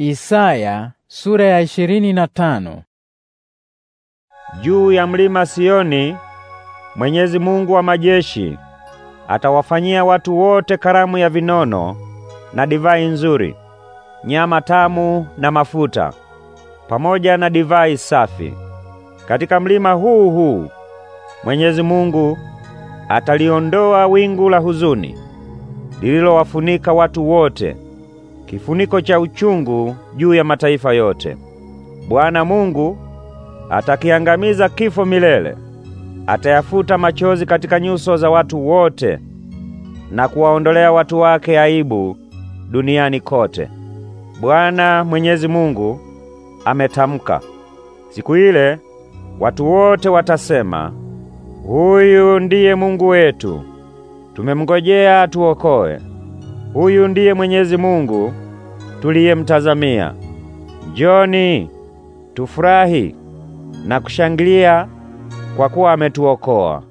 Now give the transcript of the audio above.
Isaya sura ya ishirini na tano. Juu ya mlima Sioni Mwenyezi Mungu wa majeshi atawafanyia watu wote karamu ya vinono na divai nzuri, nyama tamu na mafuta, pamoja na divai safi. Katika mlima huu huu Mwenyezi Mungu ataliondoa wingu la huzuni lililowafunika watu wote kifuniko cha uchungu juu ya mataifa yote. Bwana Mungu atakiangamiza kifo milele, atayafuta machozi katika nyuso za watu wote na kuwaondolea watu wake aibu duniani kote. Bwana Mwenyezi Mungu ametamka. Siku ile watu wote watasema, huyu ndiye Mungu wetu, tumemngojea tuokoe. Huyu ndiye Mwenyezi Mungu tuliyemtazamia. Njoni tufurahi na kushangilia kwa kuwa ametuokoa.